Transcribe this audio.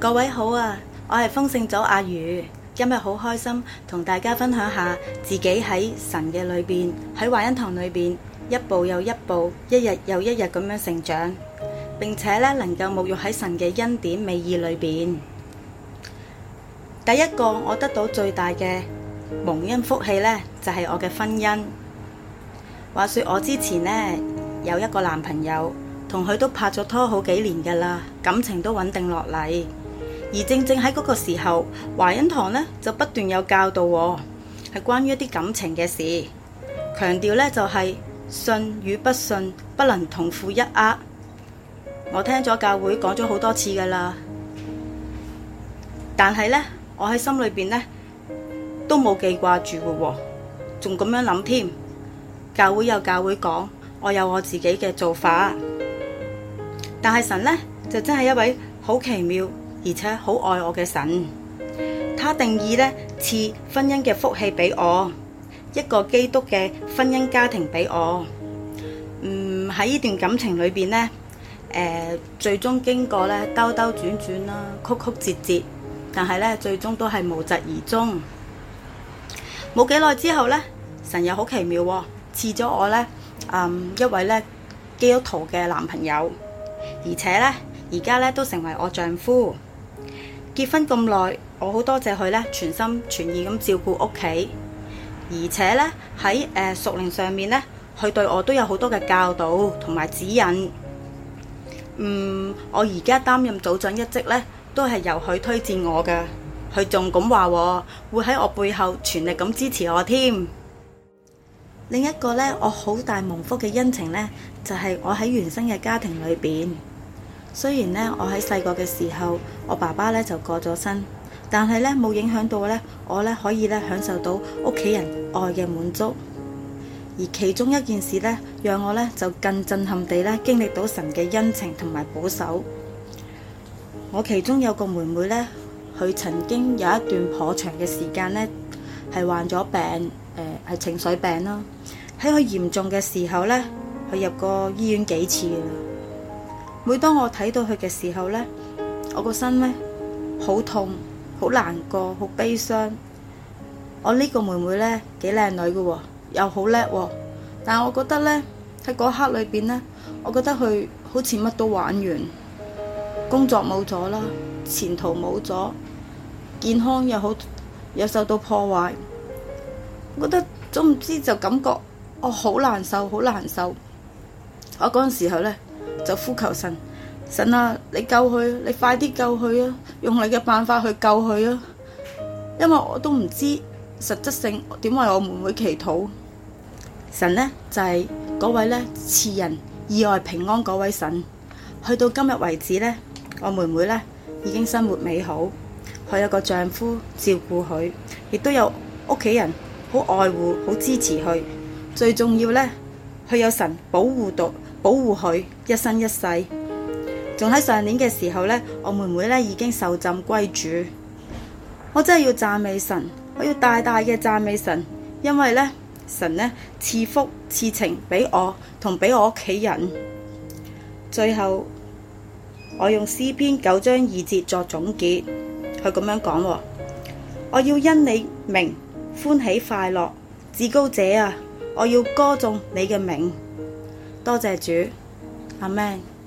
各位好啊！我係豐盛組阿如，今日好開心同大家分享下自己喺神嘅裏邊喺華恩堂裏邊一步又一步，一日又一日咁樣成長，並且呢能夠沐浴喺神嘅恩典美意裏邊。第一個我得到最大嘅蒙恩福氣呢，就係、是、我嘅婚姻。話說我之前呢，有一個男朋友，同佢都拍咗拖好幾年噶啦，感情都穩定落嚟。而正正喺嗰個時候，華恩堂呢就不斷有教導，係關於一啲感情嘅事，強調呢就係、是、信與不信不能同負一軛。我聽咗教會講咗好多次噶啦，但係呢，我喺心裏邊呢都冇記掛住嘅，仲咁樣諗添。教會有教會講，我有我自己嘅做法，但係神呢，就真係一位好奇妙。而且好愛我嘅神，他定義呢，「賜婚姻嘅福氣俾我，一個基督嘅婚姻家庭俾我」。嗯，喺呢段感情裏邊呢，呃，最終經過呢，兜兜轉轉啦，曲曲折折，但係呢，最終都係無疾而終。冇幾耐之後呢，神又好奇妙，哦，賜咗我呢，嗯，一位呢基督徒嘅男朋友，而且呢，而家呢都成為我丈夫。結婚咁耐，我好多謝佢呢，全心全意咁照顧屋企，而且呢，喺誒屬靈上面呢，佢對我都有好多嘅教導同埋指引。嗯，我而家擔任組長一職呢都係由佢推薦我㗎，佢仲咁話，會喺我背後全力咁支持我添。另一個呢，我好大蒙福嘅恩情呢就係我喺原生嘅家庭裏邊。雖然咧，我喺細個嘅時候，我爸爸咧就過咗身，但係咧冇影響到咧，我咧可以咧享受到屋企人愛嘅滿足。而其中一件事咧，讓我咧就更震撼地咧經歷到神嘅恩情同埋保守。我其中有個妹妹咧，佢曾經有一段頗長嘅時間咧係患咗病，誒、呃、係情緒病啦。喺佢嚴重嘅時候咧，佢入過醫院幾次。每當我睇到佢嘅時候呢，我個心呢，好痛、好難過、好悲傷。我呢個妹妹呢，幾靚女嘅，又好叻。但係我覺得呢，喺嗰刻裏邊呢，我覺得佢好似乜都玩完，工作冇咗啦，前途冇咗，健康又好又受到破壞。我覺得總之就感覺我好難受，好難受。我嗰陣時候呢。就呼求神，神啊，你救佢，你快啲救佢啊！用你嘅辦法去救佢啊！因為我都唔知實質性點為我妹妹祈禱。神呢就係嗰位呢賜人意外平安嗰位神。去到今日為止呢，我妹妹呢已經生活美好，佢有個丈夫照顧佢，亦都有屋企人好愛護、好支持佢。最重要呢，佢有神保護到。保護佢一生一世，仲喺上年嘅時候呢，我妹妹呢已經受浸歸主。我真係要讚美神，我要大大嘅讚美神，因為呢神呢，賜福賜情俾我同俾我屋企人。最後我用詩篇九章二節作總結，佢咁樣講：我要因你名歡喜快樂，至高者啊，我要歌頌你嘅名。多謝主，阿門。